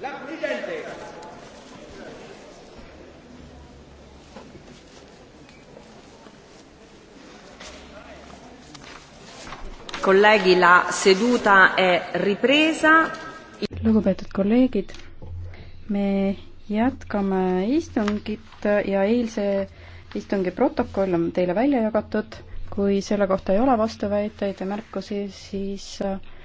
La Presidente. Colleghi, la seduta è ripresa. Lugupeetud kolleegid, me jätkame istungit ja eilse istungi protokoll on teile välja jagatud. kui selle kohta ei ole vastuväiteid ja märkusi, siis